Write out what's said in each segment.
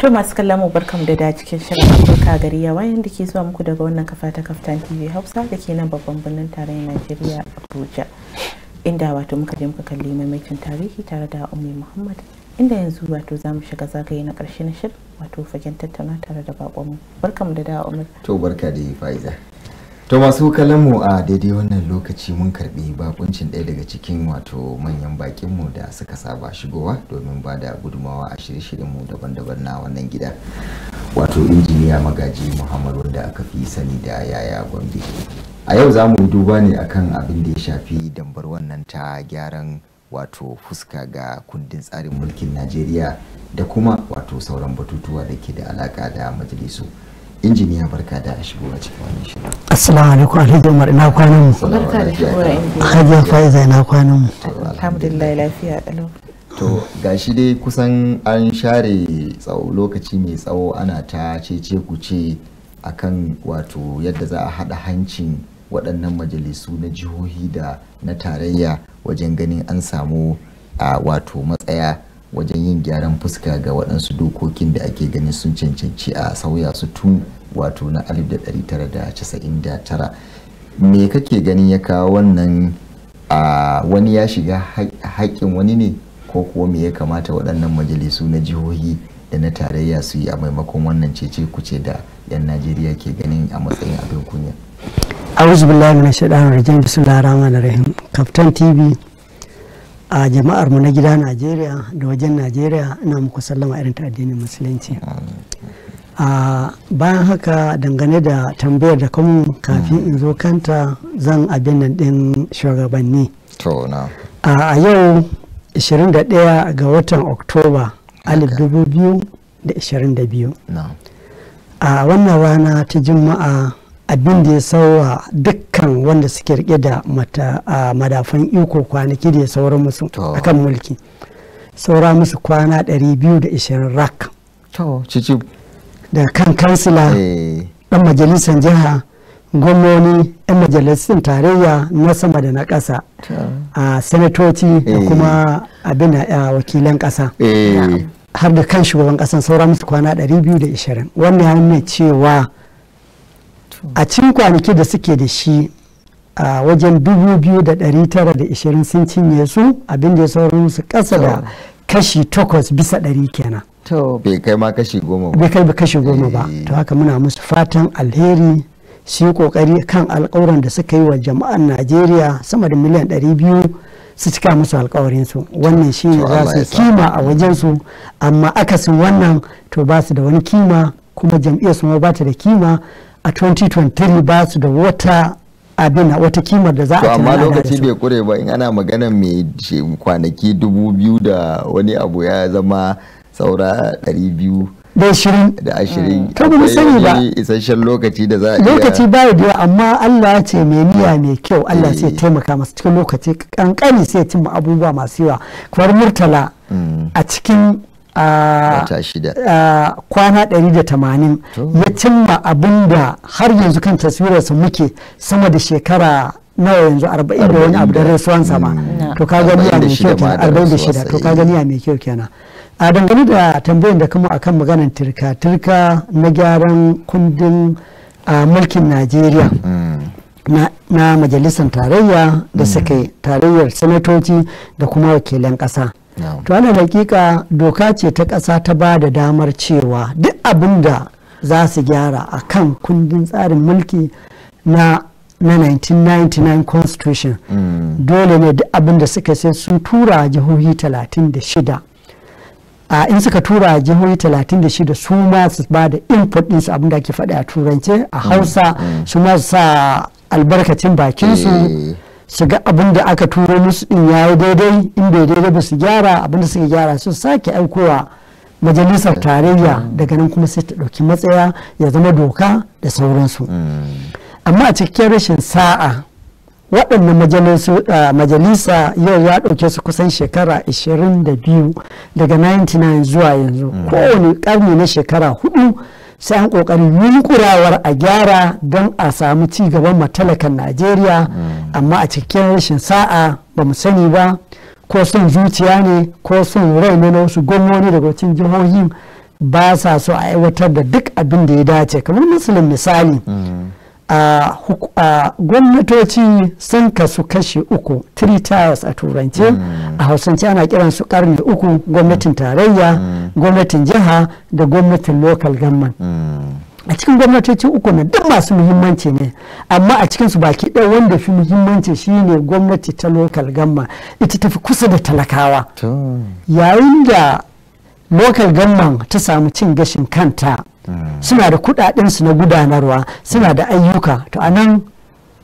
to masu kallon mu barkamu da da cikin shirin Afirka gari ya yawa da ke zuwa muku daga wannan kafa ta Kaftan TV Hausa da ke nan babban birnin tarayyar Najeriya Abuja. Inda wato muka je muka kalli maimaicin tarihi tare da Ummi Muhammad inda yanzu wato za mu shiga zagaye na karshe na shirin wato fagen tattauna tare da bakonmu. Barkamu da da Ummi. To barka da Faiza. to masu mu a daidai wannan lokaci mun karbi bakuncin ɗaya daga cikin wato manyan bakinmu da suka saba shigowa domin ba da gudumawa a shirye-shiryenmu daban-daban na wannan gida wato injiniya magaji muhammad wanda aka fi sani da yaya gombe a yau za mu duba ne akan abin da ya shafi dambar wannan ta gyaran wato fuska ga kundin tsarin mulkin najeriya da kuma wato sauran batutuwa da ke da alaƙa da majalisu injiniya barka da a shigo a cikin wani shirin assalamu alaikum alhaji umar ina kwanan mu barka da shigowa hajiya faiza ina kwanan mu alhamdulillah lafiya kalau to gashi dai kusan an share tsawo lokaci mai tsawo ana ta cece ku ce akan wato yadda za a haɗa hancin waɗannan majalisu na jihohi da na tarayya wajen ganin an samu a wato matsaya wajen yin gyaran fuska ga waɗansu dokokin da ake ganin sun cancanci a sauya su tun wato na 1999 me kake ganin ya kawo wannan a wani ya shiga haƙƙin wani ne ko kuwa me ya kamata waɗannan majalisu na jihohi da na tarayya su yi a maimakon wannan cece kuce da 'yan najeriya ke ganin a matsayin abin kunya. auzu na min shaidan rajim bismillahir rahmanir rahim kaftan tv a jama'ar mu na gida najeriya da wajen najeriya ina muku sallama irin ta addinin musulunci a bayan haka dangane da tambayar da kuma kafin in zo kanta zan abin nan ɗin shugabanni a yau 21 ga watan oktoba 2022 a wannan rana ta juma'a abin da ya sauwa dukkan wanda suke rike da madafan iko kwanaki da ya saura musu akan mulki saura musu kwana 220 rak da kan kansila dan eh. majalisar jiha gwamnoni 'yan majalisun tarayya na sama da na ƙasa a sanatoci da eh. kuma abin da wakilan ƙasa eh. har da kan shugaban kasan saura musu kwana 220 wannan ya nuna cewa a cin kwanaki da suke da shi a wajen 2,920 sun cinye su abinda ya sauran su kasa da kashi 8 bisa 100 kenan bai kai ma kashi goma ba bai kai ba kashi goma ba eh. to haka muna musu fatan alheri shi kokari kan alkawuran da suka yi wa jama'an najeriya sama da miliyan 200 su cika musu alkawarinsu wannan shi ne za su kima a wajensu amma akasin wannan to ba su da wani kima kuma jam'iyyar su ma ba ta da kima a 2023 ba su da wata abin wata kimar da za a amma lokaci bai kure ba in ana magana mai kwanaki dubu biyu da wani abu ya zama saura ɗari biyu da ashirin da ashirin to ba sani ba isasshen lokaci da za a lokaci ba da yawa amma Allah ce mai niyya mai kyau Allah sai eh. taimaka masu cikin lokaci kankani sai cimma abubuwa masu yawa kamar murtala mm. a cikin a kwana 180 ya cimma abin da har yanzu kan taswirarsa muke sama da shekara nawa yanzu 40 da wani abu da rasuwan sama mm. to ka gani ya mai kyau kenan 46 to ka gani eh. ya mai kyau kenan a dangane da tambayin da kuma akan maganan tirka tirka na gyaran kundin mulkin najeriya mm. na majalisar tarayya da mm. suka yi tarayyar sanatoci da kuma wakilan ƙasa to wannan hakika doka ce ta ƙasa ta ba da damar cewa duk abin da za su gyara a kan kundin tsarin mulki na na 1999 constitution mm. dole ne duk abin da suka sai sun tura jihohi 36 a in suka tura jihohi 36 su ma su ba da input ɗinsu abin da ake faɗi a turance a mm. hausa mm. su ma su sa albarkacin bakinsu eh. su ga abin da aka turo musu din ya yi daidai in bai daidai ba su gyara abin da suka gyara su sake aikowa majalisar tarayya daga nan kuma sai ta ɗauki matsaya ya zama doka da sauransu amma a cikin rashin sa'a waɗannan majalisa yau ya ɗauke su kusan shekara 22 daga 99 zuwa yanzu kowane ƙarni na shekara hudu sai an kokarin yunkurawar a gyara don a samu ci gaban matalakan najeriya mm. amma a cikin rashin sa'a ba mu sani ba ko son zuciya ne ko son rai na wasu gwamnoni daga cikin jihohin ba sa so a aiwatar da duk abin da ya dace kamar musulun misali mm. a gwamnatoci sun kasu kashe uku three tiers a turance hmm. a hausance ana kiran su karni uku gwamnatin tarayya hmm. gwamnatin jiha da gwamnatin local gamman a cikin gwamnatoci uku na duk masu muhimmanci ne amma a cikinsu baki ɗaya wanda fi muhimmanci shine gwamnati ta local gamma ita tafi kusa da talakawa yayin da lokal gamman ta samu cin gashin kanta hmm. suna da kudadensu na gudanarwa suna da ayyuka to a nan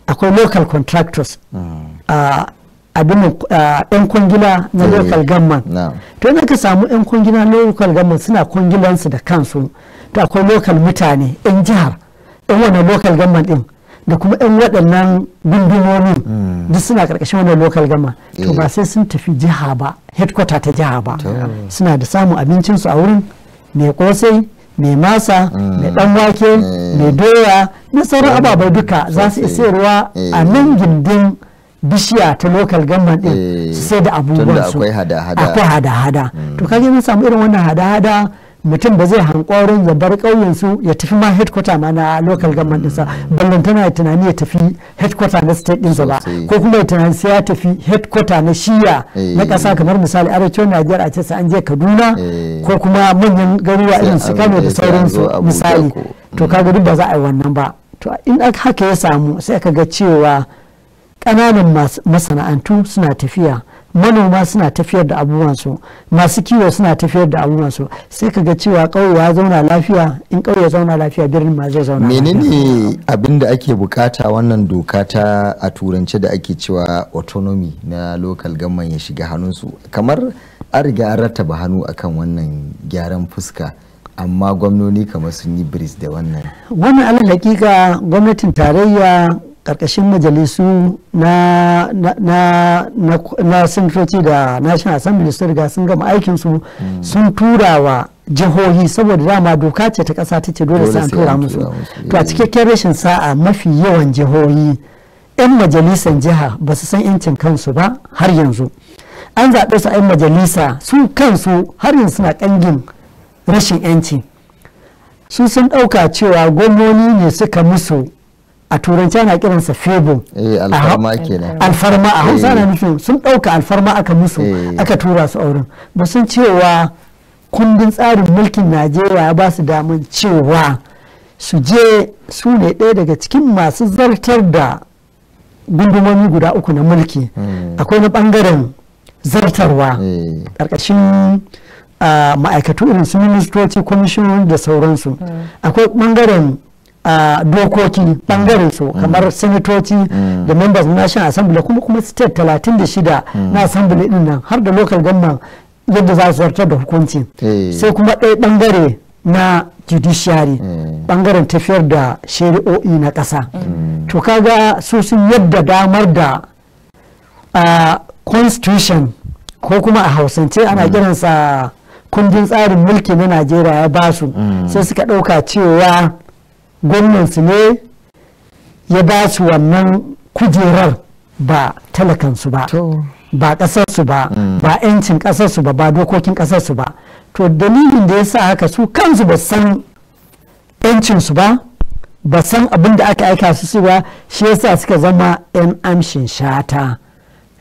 akwai local contractors yan hmm. eh, kwangila na local gamman to yana ka samu yan kwangila na local gamman suna kungilansu da kansu to akwai local mutane yan jihar yan wannan local gamman din da kuma 'yan waɗannan gundumomi mm. duk suna ƙarƙashin wannan lokal gama to eh. ba sai sun tafi jiha ba headquarter ta jiha ba suna da samun abincinsu a wurin mai ƙosai mai masa mm. mai dan wake eh. mai doya na sauran eh. ababai duka za su iya ruwa a nan gindin bishiya ta lokal gama ɗin. su sai da abubuwan su akwai hada-hada mm. to kage mun samu irin wannan hada-hada mutum ba zai hankorin ya bar su ya tafi ma headquarter ma na local government ɗinsa ballan tana tunani ya tafi headquarter na state ɗinsa ba ko kuma ya tunani sai ya tafi headquarter na shiya na eh. ƙasa kamar misali arewacin najeriya a ce sai an je kaduna eh. ko kuma manyan garuruwa irin su kano da eh, sauransu misali to kaga duk ba za a yi wannan ba to in haka ya samu sai ka ga cewa kananan masana'antu suna tafiya manoma suna tafiyar da abubuwansu masu kiwo suna tafiyar da abubuwansu sai ka ga cewa ƙauye ya zauna lafiya in ƙauye ya zauna lafiya birnin ma zai zauna lafiya. menene abin da ake bukata wannan doka ta a turance da ake cewa autonomy na local government ya shiga hannunsu kamar an riga an rattaba hannu akan wannan gyaran fuska amma gwamnoni kamar sun yi bris da wannan wannan alal hakika gwamnatin tarayya ƙarƙashin majalisu na na sintoci da national assembly sun riga sun gama aikinsu hmm. sun turawa jihohi saboda dama doka ce ta kasa ta ce dole sai an tura musu to a eh. cikakken rashin sa'a mafi yawan jihohi 'yan majalisan jiha ba su san 'yancin kansu ba har yanzu an zaɓe su a 'yan majalisa su kansu har yanzu suna ƙangin rashin 'yanci su sun ɗauka cewa gwamnoni ne suka musu a turanci ana kiransa febo eh, alfarma kenan a hausa na eh. nufin sun ɗauka alfarma aka musu eh. aka tura su auren ba sun cewa kundin tsarin mulkin najeriya ya ba su damar cewa su je su ne ɗaya daga cikin masu zartar da gundumomi guda uku na mulki hmm. akwai na bangaren zartarwa ƙarƙashin ah, ma'aikatu irin su ministoci kwamishinan da sauransu hmm. akwai ɓangaren a dokoki bangare su mm. kamar senatoci mm. da members national assembly kuma kuma state 36 mm. na assembly din nan har da local government yadda za su zartar da hukunci eh. sai kuma ɗaya bangare na judiciary eh. bangaren tafiyar da shari'o'i na ƙasa to kaga su sun yadda damar da constitution ko kuma a hausance ana kiransa kundin tsarin mulki na najeriya ya basu sai suka ɗauka cewa gwamnansu ne ya ba su wannan kujerar ba talakansu ba ba ƙasarsu ba mm. ba 'yancin ƙasarsu ba ba dokokin ƙasarsu ba to dalilin da ya sa haka su kansu ba san 'yancinsu ba ba san abin da aka aika su ba shi yasa suka zama 'yan amshin shata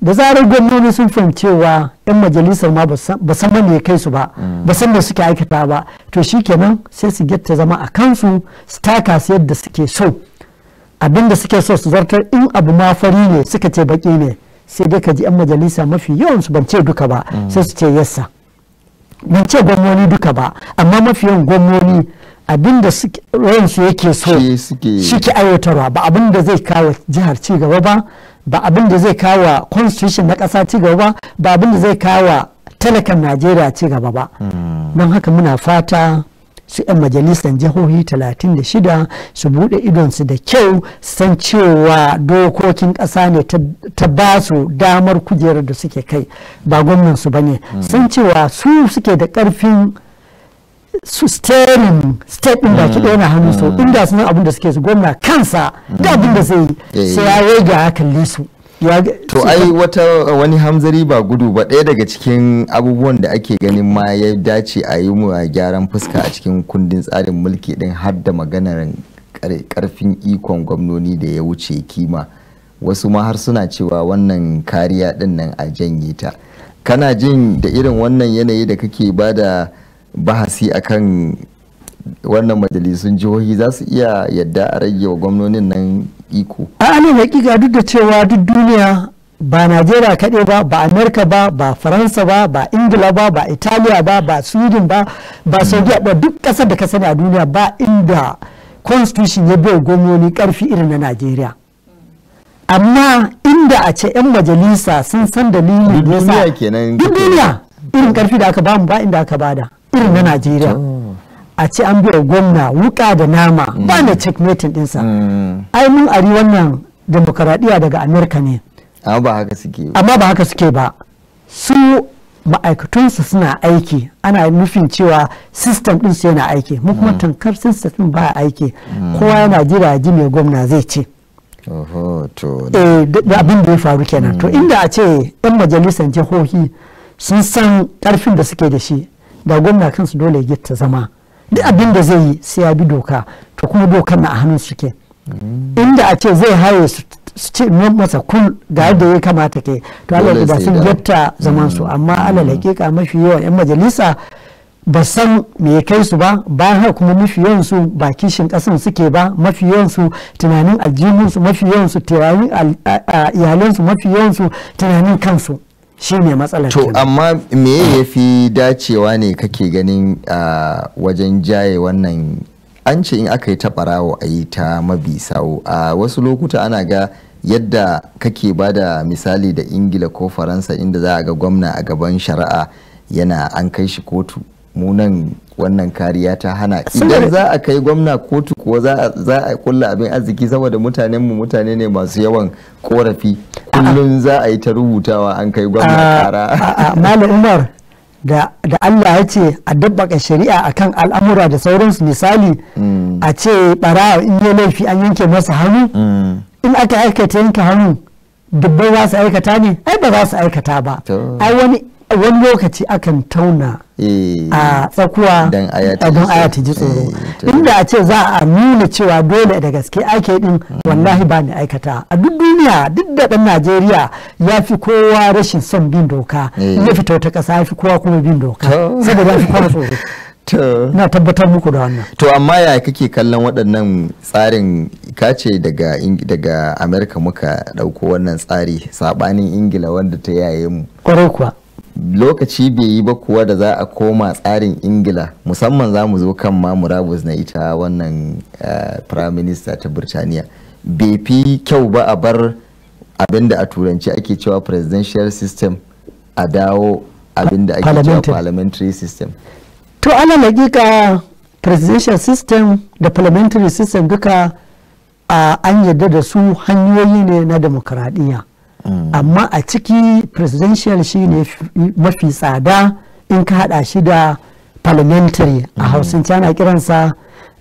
da zarar gwamnoni sun fahimcewa 'yan majalisar ma ba san ba mai kai su ba ba san da suke aikata ba to shi kenan sai su getta zama a kansu su taka su yadda suke so abin da suke so su zartar in abu ma fari ne suka ce baki ne sai dai ka ji 'yan majalisa mafi yawan su ban ce duka ba sai su ce yassa ban ce gwamnoni duka ba amma mafi yawan gwamnoni abin da ransu yake so shi ke aiwatarwa ba abin da zai kawo jihar ci gaba ba ba abin da zai kawo constitution na ƙasa ci gaba ba ba abin da zai kawo talakan najeriya ci gaba ba hmm. don haka muna fata su 'yan majalisar jihohi 36 su bude idonsu da kyau san cewa dokokin ƙasa ne ta ba su damar kujerar da suke kai ba gwamnan su ne hmm. san cewa su suke da ƙarfin su steering state da mm. baki ke na hannu sau mm. inda suna abin da suke su gwamna kansa mm. da abin da zai yi eh. sai ya rage ya kalli su to ai wata wani hamzari ba gudu ba ɗaya daga cikin abubuwan da ake ganin ma ya dace a yi mu gyaran fuska a cikin kundin tsarin mulki din har da maganar karfin ikon gwamnoni da ya wuce kima wasu ma har suna cewa wannan kariya din nan a janye ta kana jin da irin wannan yanayi da kake bada da bahasi akan wannan majalisun jihohi za su iya yadda a rage wa gwamnonin nan iko a alin hakika duk da cewa duk duniya ba najeriya kaɗai ba ba amerika ba ba faransa ba ba ingila ba ba italiya ba ba sweden ba ba saudi ba duk ƙasar da ka sani a duniya ba inda constitution ya bai gwamnoni ƙarfi irin na najeriya amma inda a ce 'yan majalisa sun san dalilin duk duniya irin ƙarfi da aka bamu ba inda aka bada irin na najeriya a ce an biya gwamna wuka da nama mm. ba na checkmating dinsa mm. ai mun ari wannan demokaradiyya daga amerika ne amma ba haka suke amma ba haka suke ba su ma'aikatunsu suna aiki ana nufin cewa system din su yana aiki mu kuma mm. tankar system ba aiki kowa yana jira ji mai gwamna zai ce eh, da abin da ya faru kenan to inda a ce 'yan majalisar jihohi sun san karfin da suke da shi da gwamna kansu dole ya ta zama duk abin da zai yi sai ya bi doka to kuma dokar na a hannun su ke mm. inda a ce zai haye su ce masa kun ga yadda mm. ya kamata ke to Allah da sun gitta zaman su mm. amma alal hakika mafi yawan yan majalisa ba san me ya kai su ba bayan haka kuma mafi yawan su ba kishin kasan suke ba mafi yawan su tunanin aljihun su mafi yawan su tunanin iyalan su mafi yawan su tunanin kansu shi ne matsalar to amma me ya fi dacewa ne kake ganin a wajen jaye wannan an ce in aka yi ta barawo a yi ta mabi sawo a wasu lokuta ana ga yadda kake ba da misali da ingila ko faransa inda za a ga gwamna a gaban shari'a yana an kai shi kotu munan wannan kariya ta hana idan za a kai gwamna kotu kuwa za a kulla abin arziki saboda mutanen mu mutane ne masu yawan korafi kullum za a yi ta rubutawa an kai gwamna kara malam umar da Allah ya ce a dabbaka shari'a akan al'amura da sauransu misali mm. a ce bara in yi laifi an yanke masa hannu mm. in aka aikata yanke hannu dubbai za su aikata ne ai ba za su aikata ba ai wani wani lokaci akan tauna eh, a tsakuwa don ayati ji tsoro eh, inda a ce za a nuna cewa dole da gaske ake din wallahi ba ni aikata a duk duniya duk da dan najeriya ya fi kowa rashin son bin doka eh. ya fi ta kasa ya fi kowa kuma bin doka saboda ya fi kowa tsoro na tabbatar muku da wannan to amma ya kake kallon waɗannan tsarin kace daga daga amerika muka ɗauko wannan tsari saɓanin ingila wanda ta yaye mu kwarai kuwa lokaci bai yi ba kuwa da za a koma tsarin ingila musamman za mu zo kan ma murabus na ita wannan eh, prime minister ta birtaniya bai fi kyau ba a bar abin da a turanci ake cewa presidential system a dawo abin da ake cewa parliamentary system to ana lagika presidential system da parliamentary system duka a ah, an yarda da su hanyoyi ne na demokradiyya Mm. amma a ciki presidential shi ne mafi tsada in ka hada shi da parliamentary a mm. hausance ana kiransa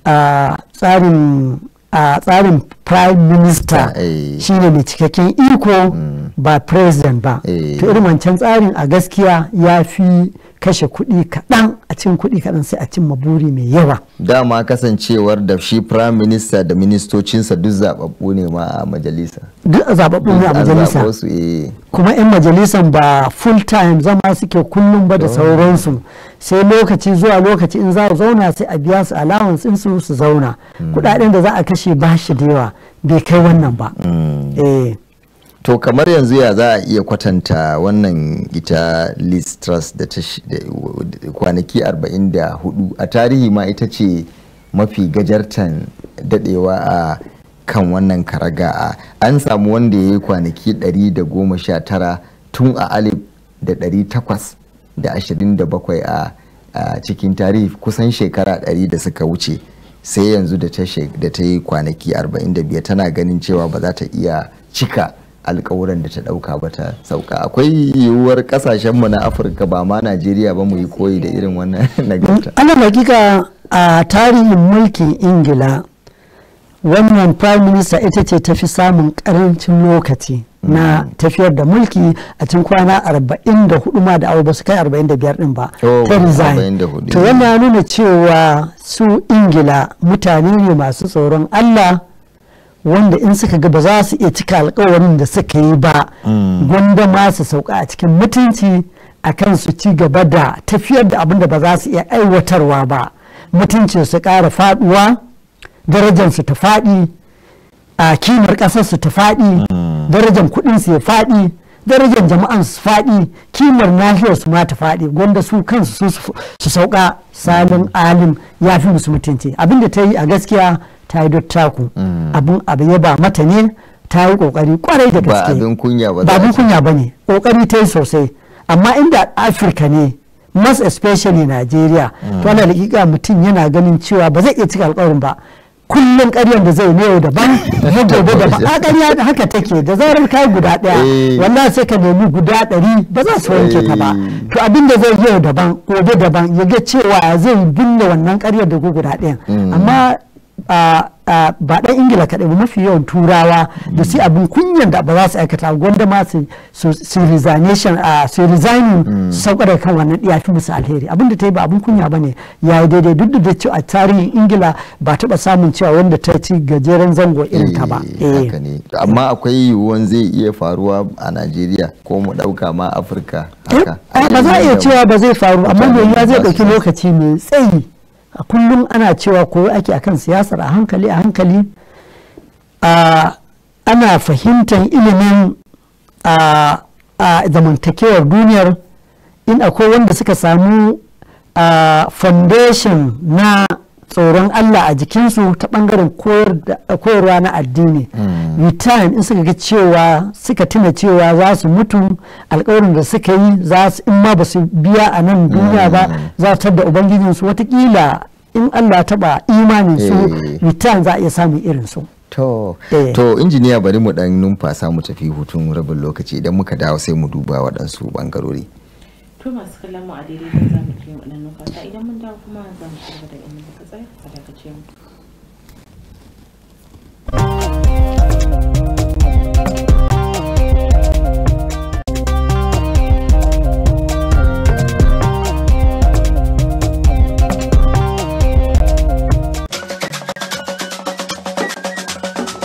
a tsarin prime minister eh. shi ne mai cikakken iko mm. ba president ba eh. to irin wancan tsarin a gaskiya ya fi kashe kuɗi kaɗan a cin kuɗi kaɗan sai a cimma buri mai yawa. Dama kasancewar da shi Prime Minister da ministocinsa duk zaɓaɓɓu ne ma a majalisa. Duk zaɓaɓɓu ne a majalisa. Eh. Kuma 'yan majalisan ba full time zama suke kullum ba da sauransu. Sai lokaci zuwa lokaci in za a zauna sai a biya su allowance in su su zauna. Hmm. Kuɗaɗen da za a kashe ba shi da yawa bai kai wannan ba. Hmm. Eh. to kamar yanzu ya za a iya kwatanta wannan ita Liz Truss da ta kwanaki 44 a tarihi ma ita ce mafi gajartan dadewa a kan wannan karaga a an samu wanda ya yi kwanaki 119 tun a alif da 827 a cikin tarihi kusan shekara 100 da suka wuce sai yanzu da ta yi kwanaki 45 tana ganin cewa ba za ta iya cika alkawuran da ta dauka ba ta sauka akwai yiwuwar kasashen mu na afirka ba ma najeriya ba mu yi koyi da irin wannan nagarta ana hakika a tarihin mulkin ingila wannan prime minister ita ce ta fi samun karancin lokaci na mm. tafiyar da mulki a cikin kwana 44 ma da abu ba su kai 45 din ba oh, ta resign to yana nuna cewa su ingila mutane ne masu tsoron allah wanda in suka ga ba za su iya cika alkawarin da suka yi ba mm. gwanda ma su sauka a cikin mutunci a kan su ci gaba da tafiyar da abin da ba za su iya aiwatarwa ba mutuncin su ƙara faɗuwa darajar su ta faɗi a kimar ƙasar su ta faɗi mm. darajar kuɗin su ya faɗi darajar jama'an su faɗi kimar nahiyar su ma ta faɗi gwanda su kansu su sauka salin alim ya fi musu mutunci abin da ta yi a gaskiya ta yi dottaku abin abu ya ba mata ne ta yi kokari kwarai da gaske ba abin kunya ba ne kokari ta yi sosai amma inda afirka ne mas especially nigeria mm. to ana hakika mutum yana ganin cewa ba zai iya cika alkawarin ba kullum karyar da zai ne daban na gobe daban a ƙarya haka take da zarar kai guda ɗaya eh. wala sai ka nemi guda ɗari ba za su wanke ta ba eh. to abin da zai yau daban gobe daban ya ga cewa zai binne wannan karyar da guda ɗaya. Mm. amma ba ɗan ingila kaɗai ba mafi yawan turawa da su mm. abin kunyan da ba za su aikata gwanda ma su resignation su resigning mm. sauka daga kan wannan ya fi musu alheri abin da ta yi ba abin kunya ba ne ya yi daidai duk da cewa a tarihin ingila ba taɓa samun cewa wanda ta ci gajeren zango irin ta ba eh, eh. amma akwai yiwuwan zai iya faruwa a najeriya ko mu ɗauka ma afirka eh, ba za a iya cewa ba zai faru amma mai zai ɗauki lokaci mai tsayi a kullum ana cewa koyo ake akan siyasar a hankali a hankali a ana fahimtar ilimin a zamantakewar duniyar in akwai wanda suka samu a foundation na tsoron Allah a jikinsu ta bangaren koyarwa na addini return hmm. in suka ga cewa suka tuna cewa za su mutu alkawarin da suka yi za su in ma ba su biya a nan duniya ba hmm. za su da ubangijinsu watakila in Allah ya taba imanin su eh. return za a iya samun irin su To, eh. injiniya bari mu dan numfasa mu tafi hutun rabin lokaci idan muka dawo sai mu duba waɗansu bangarori. To masu kallon mu a daidai da za mu waɗannan numfasa idan mun dawo kuma za mu ci gaba da inda muka tsaya a dakace mu.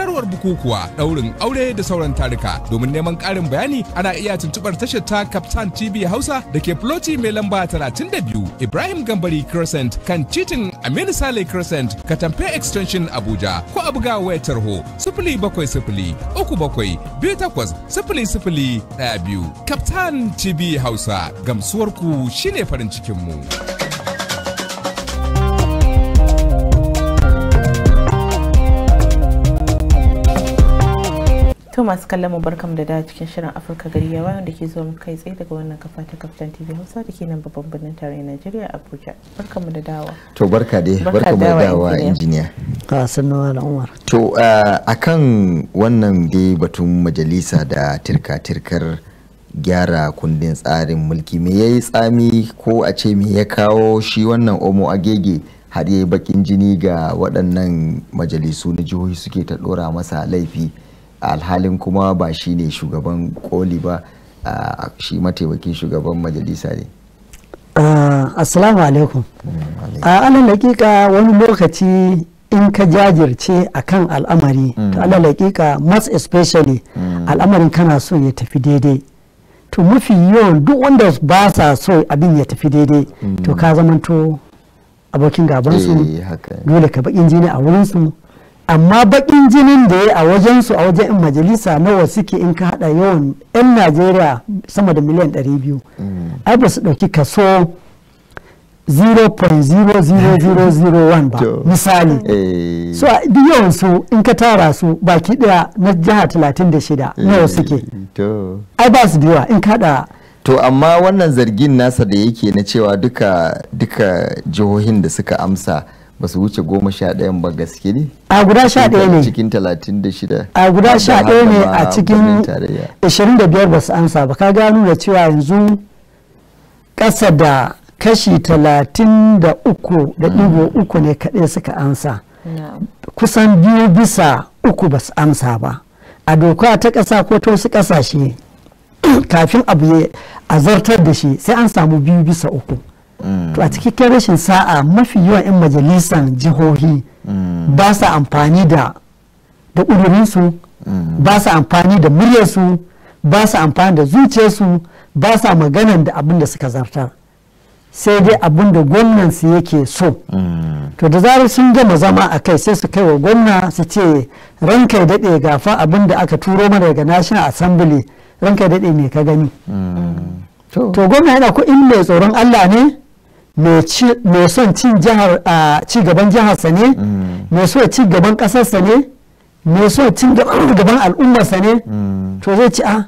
sanarwar bukukuwa daurin aure da sauran tarika domin neman karin bayani ana iya tuntubar tashar ta captain tv hausa da ke floti mai lamba 32 ibrahim gambari crescent kan titin aminu sale crescent katamfe extension abuja ko a buga wayar tarho 070 37 0 biyu captain tv hausa gamsuwarku shine farin cikin mu to masu kallon mu barkam da dawo cikin shirin afirka gari ya wanda ke zuwa kai tsaye daga wannan kafa ta kaftan tv hausa da ke nan babban birnin tarayyar najeriya abuja barkam mu da dawa to barka dai barka da dawa injiniya ka sanuwa da umar to akan wannan dai batun majalisa da tirka tirkar gyara kundin tsarin mulki me yayi tsami ko a ce me ya kawo shi wannan omo agege har yayi bakin jini ga waɗannan majalisu na jihohi suke ta ɗora masa laifi alhalin kuma ba shi ne shugaban koli ba shi mataimakin shugaban majalisa ne assalamu mm, alaikum a alal hakika wani lokaci in ka jajirce a kan al'amari ta mm. alal hakika most especially mm. al'amarin kana so ya tafi daidai to mafi yawan duk wanda ba sa so abin ya tafi daidai to ka zamanto abokin gabansu eh, dole ka bakin jini a wurinsu amma baƙi farin jinin da ya a wajensu a wajen majalisa nawa suke in ka hada yawan 'yan najeriya sama da miliyan 200 mm. ai ba su dauki kaso 0.00001 ba misali hey. Eh. so duk yawan su in ka tara su baki daya na jiha 36 nawa eh, suke ai ba su da in ka hada to amma wannan zargin nasa da yake na cewa duka duka jihohin da suka amsa ba su wuce goma sha ɗayan ba gaske ne? a guda sha ɗaya ne cikin talatin da shida a guda sha ɗaya ne a cikin ashirin da biyar ba su ansa ba ka gano da cewa yanzu ƙasa da kashi talatin da uku da hmm. ɗigo uku ne kaɗai suka ansa kusan biyu bisa uku ba su ansa ba a doka ta ƙasa ko ta wasu ƙasashe kafin abu ya zartar da shi sai an samu biyu bisa uku Mm. to a cikin rashin sa'a mafi yawan 'yan majalisan jihohi mm. ba sa amfani da da ƙudurinsu mm. ba sa amfani da muryarsu ba sa amfani da zuciyarsu ba sa maganan da abin da suka zartar sai dai abin da gwamnansu yake so to da zarar sun gama zama a kai sai su kai wa gwamna su ce ranka ya daɗe gafa abin da aka turo mana daga national assembly ranka ya daɗe ne ka gani to gwamna yana ko in mai tsoron allah ne mai son cin jihar a ci gaban jiharsa ne mai mm. so ci gaban kasarsa ne mai so cin gaban al'ummarsa ne mm. to zai ci a ah,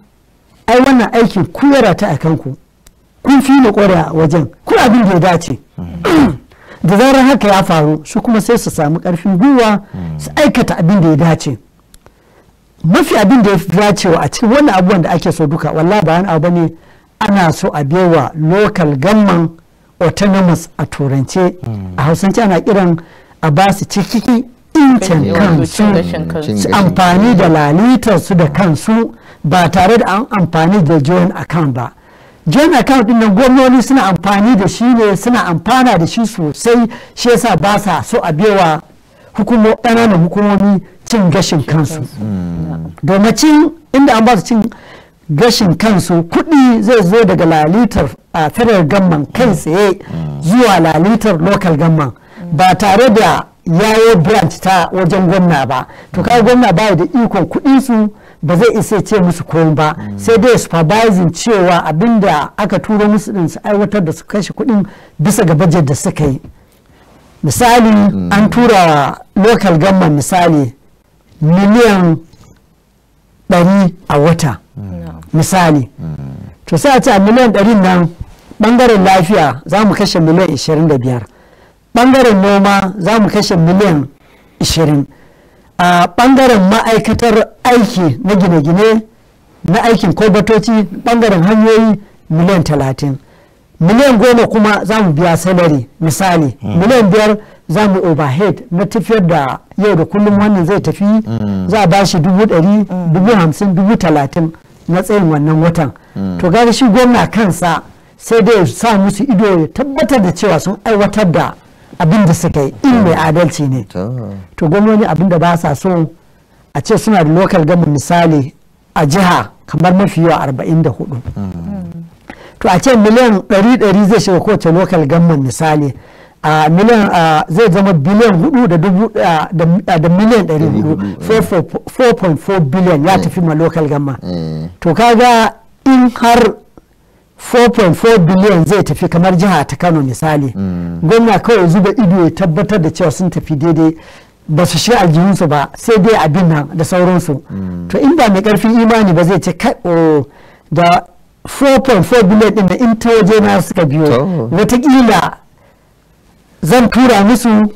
ai wannan aiki ku yara ta a kanku kun fi ni kore wajen kun abin da ya dace mm. da zarar haka ya faru su kuma sai su samu karfin gwiwa su aikata abin da ya dace mafi abin da ya fi dacewa a cikin wannan abubuwan da ake so duka wallahi bayan abu ne ana so a wa lokal gamman autonomous a turance a hausance ana kiran a ba su cikiki incin kansu su amfani da lalitar su da kansu ba tare da an amfani da joint account ba joint account din nan gwamnoni suna amfani da shi ne suna amfana da shi sosai shi yasa ba sa so a bewa ƙananan hukumomi cin gashin kansu hmm. domacin inda an ba su cin gashin kansu kudi zai zo daga lalitar a federal gamman kai tsaye zuwa lalitar local gamman ba tare da yayo branch ta wajen gwamna ba to kai gwamna ba da ikon kuɗi su ba zai isa ce musu komai ba sai dai supervising cewa abinda aka turo musu din su aiwatar da su kashe kudin bisa ga bajet da suka yi misali an tura local gamman misali miliyan ɗari a wata misali to sai a ce a miliyan ɗarin nan ɓangaren lafiya za mu kashe miliyan biyar bangaren noma za mu kashe miliyan ishirin a bangaren ma'aikatar aiki na gine-gine na aikin kwabatoci bangaren hanyoyi miliyan talatin miliyan goma kuma za mu biya salari misali hmm. miliyan biyar za mu overhead na tafiyar da yau da kullum wannan zai tafi hmm. za a bashi dubu dari hmm. dubu hamsin dubu talatin matsayin wannan watan hmm. to gari shi gwamna kansa sai dai ya sa musu ido ya tabbatar da cewa sun aiwatar da abin da suka yi in mai hmm. adalci ne to gwamnoni abin da ba sa so a ce suna da lokal gama misali a jiha kamar mafi yawa arba'in da hudu hmm. to a ce miliyan ɗari ɗari zai shiga kowace lokal gamman misali a miliyan zai zama biliyan hudu da dubu da miliyan dari hudu 4.4 eh. biliyan ya tafi ma local gamma eh. to kaga in har 4.4 biliyan zai tafi kamar jiha ta kano misali mm. gwamna kawai zuba ido ya tabbatar da cewa sun tafi daidai ba su shi aljihunsu ba sai dai abin nan da sauransu mm. to in ba mai karfin imani ba zai ce oh, da 4.4 biliyan ɗin da in ta waje na suka biyo watakila zan tura musu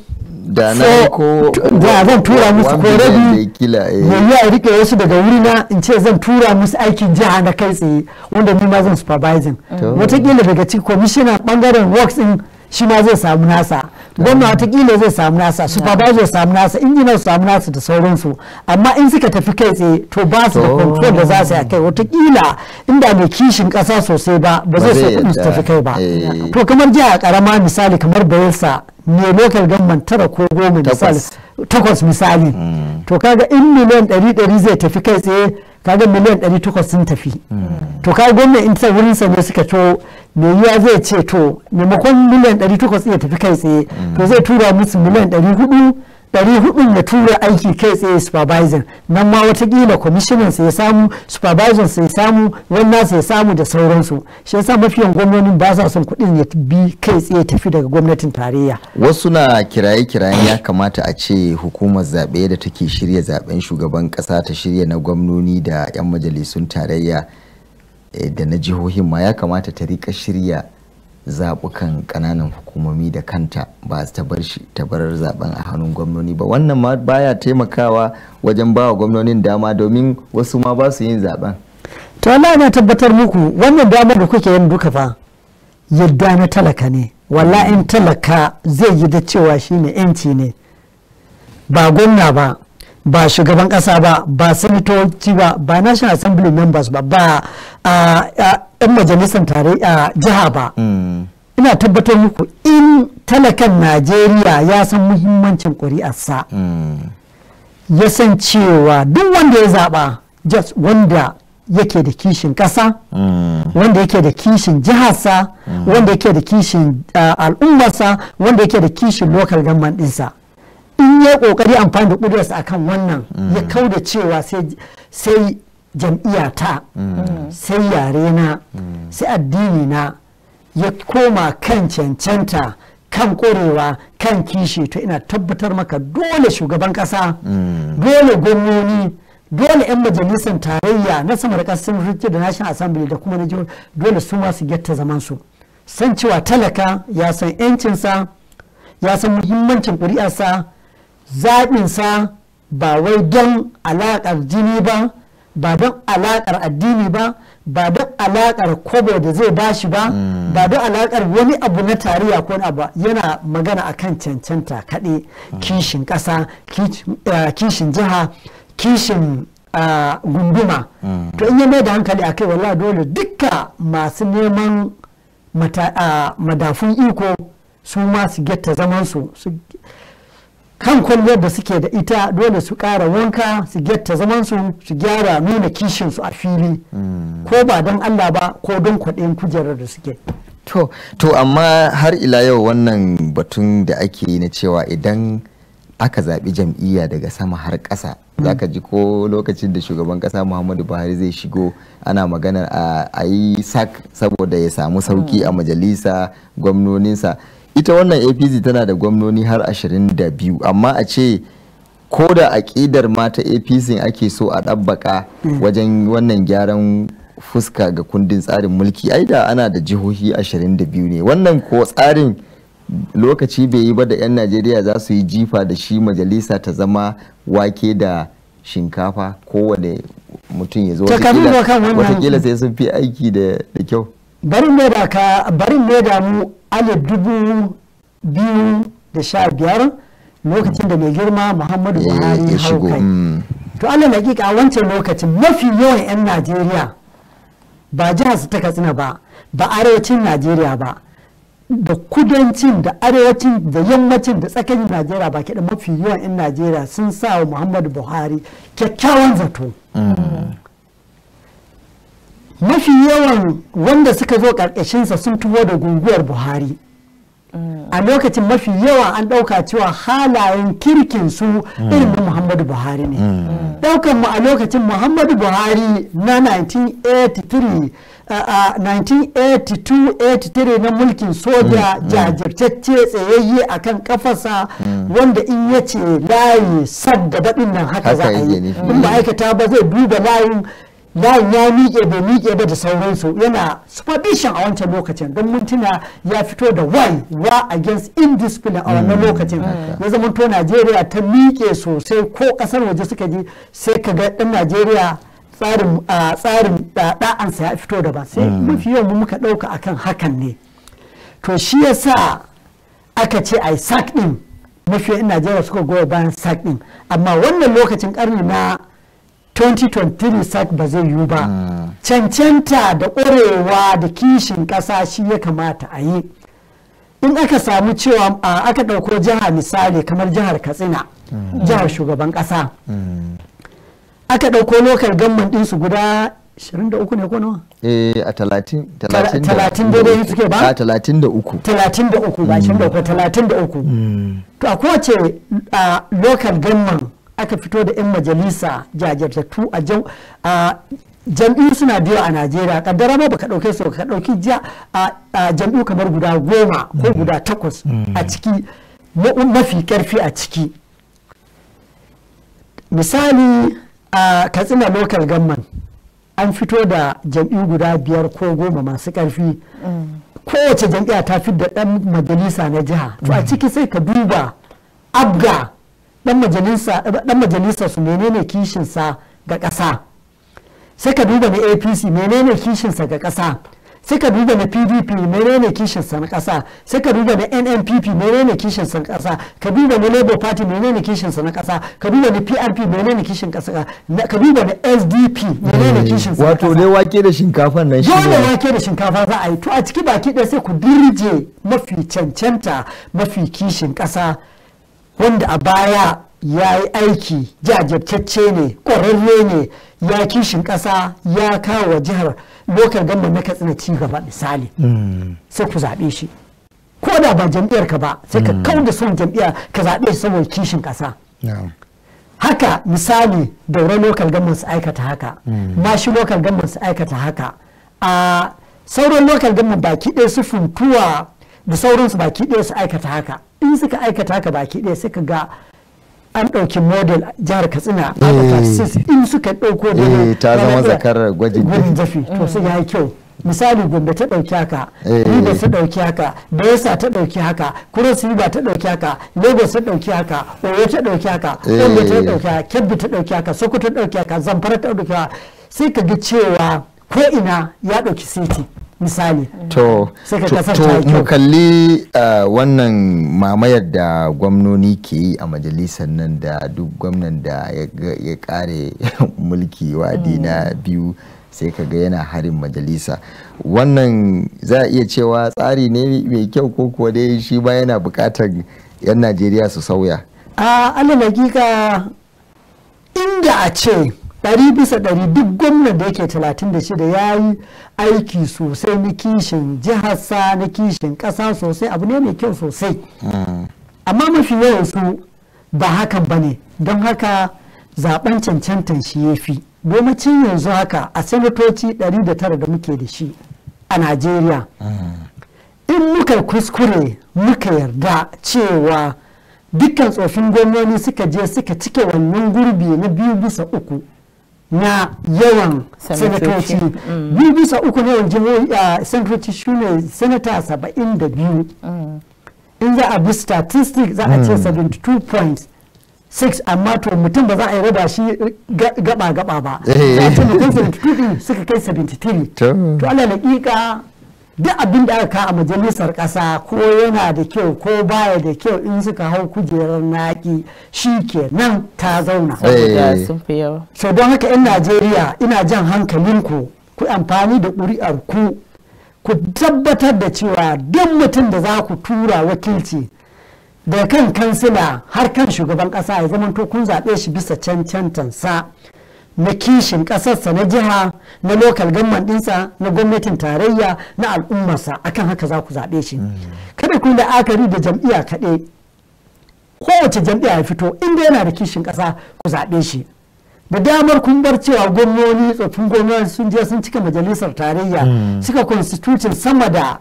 da na ko da zan tura musu ko rabi yayi eh. a rike wasu daga wuri na in ce zan tura musu aikin jiha na kai tsaye wanda ni ma zan supervising Wataƙila daga cikin commissioner bangaren works din shi ma zai samu nasa mm. gwamna watakila zai samu nasa mm. supervisor ya samu nasa su samu nasa da sauransu amma in suka tafi kai tsaye to ba su da control da za su yi kai watakila inda mai kishin kasa sosai ba ba zai sai su tafi kai ba eh. to kamar jiya karama misali kamar bayelsa ne local government tara ko goma misali takwas misali mm. to kaga in miliyan ɗari ɗari zai tafi kai tsaye kaga miliyan ɗari takwas sun tafi to kaga gwamna in ta wurin sa ne suka to mai yiwa zai ce to maimakon miliyan 800 ya tafi kai tsaye to zai tura musu miliyan 400 ɗari hudun ya tura aiki kai tsaye supervisor nan ma watakila kwamishinan sai ya samu supervisor sai ya samu wannan sai ya samu da sauransu shi yasa mafiyan gwamnonin ba sa son kuɗin ya bi kai tsaye tafi daga gwamnatin tarayya wasu na kiraye kirayen ya kamata a ce hukumar zaɓe da take shirya zaɓen shugaban ƙasa ta shirya na gwamnoni da 'yan majalisun tarayya Eh, da na jihohin ma ya kamata ta rika shirya zaɓukan ƙananan hukumomi da kanta ba ta bar shi ta bar zaben a hannun gwamnoni ba wannan ma baya taimakawa wajen bawa gwamnonin dama domin wasu ma ba su yin zaɓen. to Allah na tabbatar muku wannan damar da kuke yin duka fa yadda na talaka ne walla in talaka zai yi da cewa shine yanci ne ba gwamna ba ba shugaban kasa ba ba senatoci ba ba national assembly members ba ba a yan majalisar tarayya jiha ba hmm. ina tabbatar muku in talakan najeriya ya san muhimmancin kuri'arsa hmm. ya san cewa duk wanda ya zaba just wanda yake da kishin kasa hmm. wanda yake da kishin jiharsa wanda yake da kishin al'ummarsa wanda yake da kishin local government ɗinsa. in ya kokari amfani da kudurarsa akan wannan ya mm. kau da cewa sai jam'iyya ta mm. sai yare na mm. sai addini na ya koma kan cancanta kan korewa kan kishi to ina tabbatar maka dole shugaban kasa dole gwamnoni dole 'yan majalisar tarayya na sama da kasar rikici da national assembly da kuma na jihar dole su ma su zaman su san cewa talaka ya san 'yancinsa ya san muhimmancin ƙuri'arsa zaɓinsa ba wai don alaƙar jini ba ba don alaƙar addini ba ba don alaƙar kobo da zai bashi ba mm. ba don alaƙar wani abu na tariya ko abu yana magana akan cancanta kaɗe mm. kishin ƙasa eh, kishin jiha kishin ah, gunduma mm. to in ya mai da hankali a kai wallah dole duka masu neman ah, madafun iko su ma su getta zamansu kan kwalliyar da suke da ita dole su ƙara wanka su gyatta zaman su su gyara nuna kishin su a fili hmm. ko ba don allah ba ko don kwaɗayin kujerar da suke to to amma har ila yau wannan batun da ake yi na cewa idan aka zaɓi jam'iyya daga sama har ƙasa hmm. za ka ji ko lokacin da shugaban ƙasa muhammadu buhari zai shigo ana maganar a yi sak saboda ya samu sauki hmm. a majalisa gwamnoninsa ita wannan apc tana da gwamnoni har 22 amma a ce ko da aƙidar mata apc ake so a ɗabbaka mm. wajen wannan gyaran fuska ga kundin tsarin mulki ai da ana da jihohi 22 ne wannan ko tsarin lokaci bai yi ba da 'yan najeriya za su yi jifa da shi majalisa ta zama wake da shinkafa kowane mutum ya zo watakila sai sun fi aiki da kyau barin ne da ka barin ne da mu alif dubu biyu da sha biyar lokacin da mai girma muhammadu buhari ya shigo hmm. to allah hakika a wancan lokacin mafi yawan 'yan najeriya ba jihar su ta katsina ba ba arewacin najeriya ba da kudancin da arewacin da yammacin da tsakanin najeriya ba da mafi yawan 'yan najeriya sun sa wa muhammadu buhari kyakkyawan zato hmm. mafi yawan wanda suka zo karkashinsa sun tuho da gunguwar buhari a lokacin mafi yawa an ɗauka cewa halayen kirkin su mm. irin na muhammadu buhari ne mm. ɗaukan mu a lokacin muhammadu buhari na 1982-83 na mulkin soja mm. jajirtacce tsayayye a kan kafasa wanda in ya ce layi sab da baɗin nan haka za a yi in ba aikata ba zai duba layin bayan ya miƙe bai miƙe ba da sauransu yana supervision a wancan lokacin don mun ya fito da why wa against indiscipline a wannan mm. lokacin ya zama to najeriya ta miƙe sosai ko ƙasar waje suka ji sai ka ga ɗan najeriya tsarin tsarin ɗa'ansa ya fito da ba sai mm. mafi yawan muka ɗauka akan hakan ne to shi yasa aka ce ai sak ɗin mafi yawan najeriya suka goya bayan sak ɗin amma wannan lokacin karni na 2023 sac ba zai yiwu ba hmm. cancanta da ƙwarewa da kishin ƙasa shi ya kamata a yi in aka samu cewa aka ɗauko jiha misali kamar jihar katsina hmm. jihar shugaban ƙasa hmm. aka ɗauko lokal gamman ɗinsu guda 23 ne ko nawa? eh a 30 30 daidai suke ba? a 33 33 ba da 33 to a kowace local gamman aka fito da 'yan majalisa jajirtattu a jam'iyyu suna biyu a najeriya kaddara ma baka dauke su ka dauki jiya a jam'iyyu kamar guda goma ko guda takwas a ciki mafi karfi a ciki misali a katsina local gamman an fito da jam'iyyu guda biyar ko goma masu karfi kowace jam'iyya ta fi da dan majalisa na jiha to a ciki sai ka duba abga dan majalisa su menene kishinsa ga ƙasa sai ka duba na apc menene kishinsa ga ƙasa sai ka duba na pdp menene kishinsa na ƙasa sai ka duba na nnpp menene kishinsa na ƙasa ka duba na labour party menene kishinsa na ƙasa ka duba na prp menene kishin ƙasa ka duba na sdp menene eh, kishinsa na wato dai wake da shinkafa nan shi ne wake da shinkafa za a yi to a ciki baki ɗaya sai ku dirje mafi cancanta mafi kishin ƙasa wanda a baya ya yi aiki jajirtacce ne ƙwararre ne ya kishin ƙasa ya kawo wa jihar lokar gamba na katsina ci gaba misali hmm. sai ku zaɓe shi ko da ba jam'iyyar ka ba sai ka hmm. kau da son jam'iyya ka zaɓe shi saboda kishin ƙasa haka misali daura lokar gamba su aikata haka shi lokar gamba su aikata haka a ah, sauran lokar gamba baki ɗaya su funtuwa da sauransu baki ɗaya su aikata haka in suka aikata haka baki ɗaya suka ga an ɗauki model jihar katsina in suka ɗauko da ta zama zakar gwajin jafi to su ya yi kyau misali gombe ta ɗauki haka riba ta ɗauki haka bayelsa ta ɗauki haka cross river ta ɗauki haka lagos ta ɗauki haka oyo ta ɗauki haka ondo ta ɗauki haka kebbi ta ɗauki haka sokoto ta ɗauki haka zamfara ta ɗauki haka sai ka ga cewa ko ina ya ɗauki city misali to to mu kalli ah, wannan mamayar da gwamnoni ke yi a majalisar nan da duk gwamnan da ya kare mulki wadi na mm. biyu sai ka ga yana harin majalisa wannan za a iya cewa tsari ne mai kyau ko kuwa dai shi ba yana bukatar 'yan najeriya su sauya a ah, alal inda a ce ɗari bisa ɗari duk gwamnan da yake talatin da shida ya yi aiki sosai na kishin jiharsa na kishin ƙasa sosai abu ne mai kyau sosai amma mafi yawan su ba hakan ba ne don haka zaben cancantan shi ya fi domacin yanzu haka a sanatoci ɗari da muke da shi a najeriya in muka kuskure muka yarda cewa dukkan tsofin gwamnoni suka je suka cike wannan gurbi na biyu bisa uku na yawan senatoci mm. biyu bisa uku na yawan jihohi a senatoci ne senata saba'in da biyu mm. in za a bi statistics za a ce 72 mm. points six amma to mutum ba za a yi raba shi eh, gaba-gaba ba eh. za a ce mutum 72 suka kai 73 to ala laƙiƙa duk abin da aka a majalisar ƙasa ko yana da kyau ko baya da kyau in suka hau kujerar naki shi ke nan ta zauna. Eh. so don haka 'yan najeriya ina jan hankalinku ku amfani da ƙuri'ar ku ku tabbatar da cewa duk mutum da za ku tura wakilci da kan kansila har kan shugaban ƙasa ya zama kun zaɓe shi bisa cancantansa. na kishin ƙasarsa na jiha na lokal gamman ɗinsa na gwamnatin tarayya na al'ummarsa akan haka za ku zaɓe shi hmm. kada ku la'akari da jam'iyya kaɗai kowace jam'iyya ya fito inda yana da kishin ƙasa ku zaɓe shi da damar kun bar cewa gwamnoni tsoffin gwamnoni sun je sun cika majalisar tarayya cika hmm. constitution sama da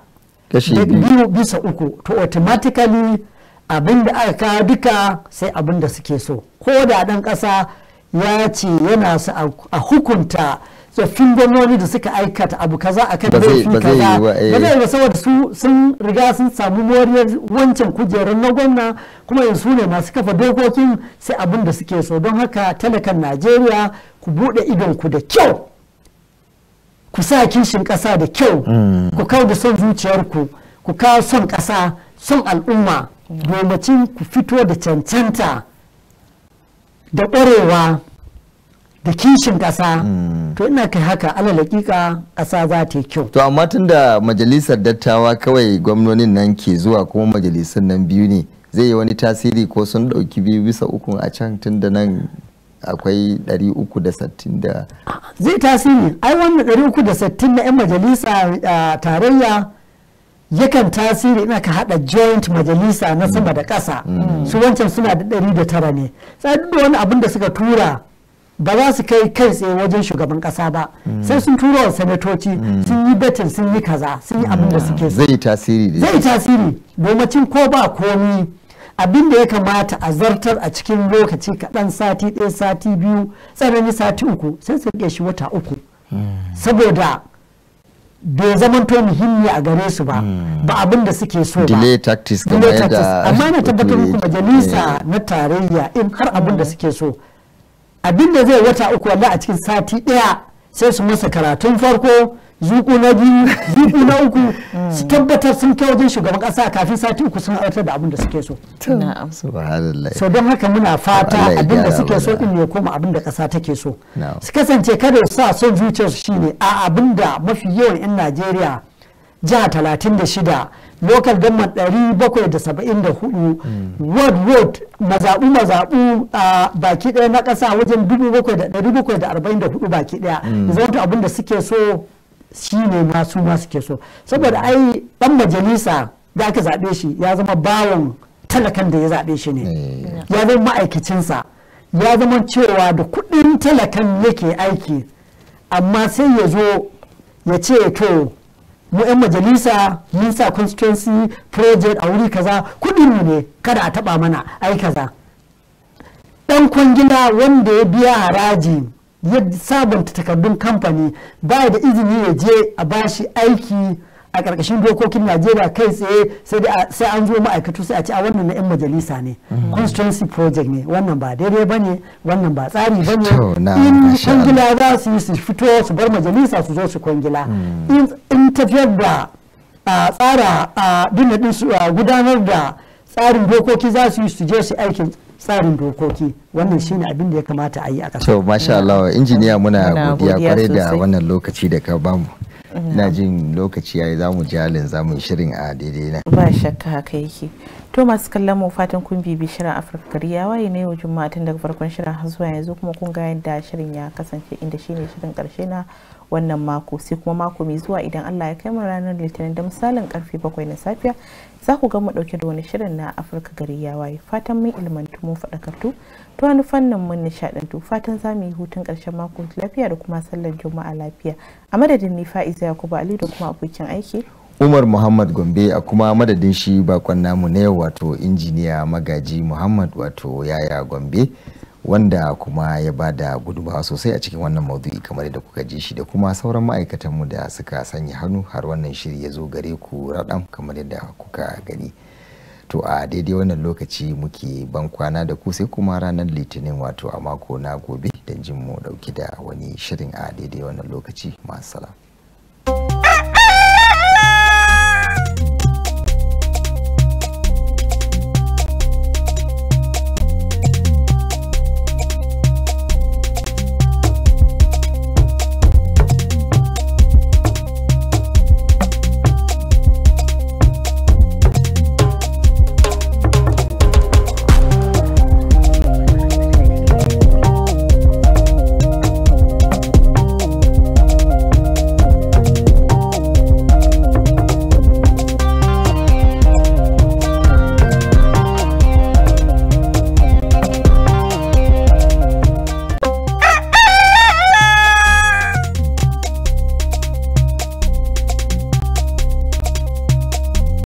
biyu bisa uku to automatically abin da aka kawo duka sai abin da suke so ko da ɗan ƙasa ya ce yana su a hukunta tsoffin gwamnoni da suka aikata abu kaza a kan zai fi kaza ba zai saboda su sun riga sun samu moriyar wancan kujerar na gwamna kuma su ne masu kafa dokokin sai abin da suke so don haka talakan najeriya ku buɗe idon ku da kyau ku sa kishin ƙasa da kyau mm. ku kawo da son zuciyarku ku kawo son ƙasa son al'umma domacin mm. ku fito da cancanta da ƙwarewa da kishin ƙasa hmm. to ina kai haka ala hakika ƙasa za ta yi kyau to amma tun da majalisar dattawa kawai gwamnonin nan ke zuwa kuma majalisar nan biyu ne zai yi wani tasiri ko sun ɗauki biyu bisa uku a can tun da nan akwai uku da da. zai tasiri ai wannan sattin na 'yan majalisa tarayya yakan tasiri ina ka hada joint majalisa na sama hmm. da ƙasa hmm. su wancan suna da da tara ne sai duk wani abin da suka tura ba za su kai kai tsaye wajen shugaban kasa ba sai sun tura wa sanatoci sun yi betin sun yi kaza sun yi abin da suke zai tasiri zai tasiri domacin ko ba komi abin da ya kamata a zartar a cikin lokaci kaɗan sati ɗaya sati biyu tsanani sati uku sai su shi wata uku saboda bai zamanto muhimmi a gare su ba ba abin da suke so ba delay tactics amma na tabbatar muku majalisa eh. na tarayya in har abin da mm. suke so abin da zai wata uku wallahi a cikin sati ɗaya sai su masa karatun farko zuku na biyu zuku na uku su tabbatar sun kai wajen shugaban kasa kafin sati uku sun aurata da abin da suke so so don haka muna fata abin da suke so in ya koma abin da kasa take so su kasance kada su sa son zuciyarsu shine a abin da mafi yawan 'yan najeriya jiha talatin da shida local government 774 ward ward mazaɓu mazaɓu a baki ɗaya na ƙasa wajen 744 baki ɗaya mm. zautu abin da suke so shi ne masu ma suke so saboda ai ɗan majalisa da aka zaɓe shi ya zama bawan talakan da ya zaɓe shi ne eh. ya zama ma'aikacinsa ya zama cewa da kuɗin talakan yake aiki amma sai ya zo ya ce to mu 'yan majalisa mun sa constituency project a wuri kaza mu ne kada a taba mana ai kaza dan kwangila wanda ya biya haraji ya sabunta takardun kamfani ba da izini ya je a bashi aiki a ƙarƙashin dokokin najeriya kai tsaye sai an zo ma'aikatu sai a ce a wannan na 'yan majalisa ne mm-hmm. constituency project ne wannan ba daidai ba ne wannan ba tsari ba ne in kwangila za su yi su fito su bar majalisa su zo su kwangila mm. tafiyar da tsara a dinna din su gudanar da tsarin dokoki za su yi su je su aikin tsarin dokoki wannan shine abin da ya kamata a yi a ƙasa. masha Allah injiniya muna godiya kwarai da wannan lokaci da ka bamu ina jin lokaci za mu ji za mu shirin a daidai na ba shakka haka yake to masu kallon mu fatan kun bibi shirin Afirka gari ya waye ne yau tun daga farkon shirin har zuwa yanzu kuma kun ga yadda shirin ya kasance inda shine shirin karshe na wannan mako sai kuma mako mai zuwa idan allah ya kai mu ranar litinin da misalin karfe bakwai na safiya za ku ga mu dauke da wani shirin na afirka gari ya waye fatan mun ilmantu mu faɗakartu ta wani fannin mun nishadantu fatan za mu yi hutun karshen mako lafiya da kuma sallar juma'a lafiya a madadin ni fa'iza yakubu ali da kuma abokin aiki umar muhammad gombe a kuma madadin shi bakon namu na yau wato injiniya magaji muhammad wato yaya gombe wanda kuma ya ba da gudubawa sosai a cikin wannan maudu'i kamar da kuka ji shi da kuma sauran ma'aikatanmu da suka sanya hannu har wannan shiri ya zo gare ku raɗam kamar yadda kuka gani to a daidai wannan lokaci muke ban kwana da ku sai kuma ranar litinin wato a mako na gobe don jin mu dauki da wani shirin a daidai wannan lokaci masu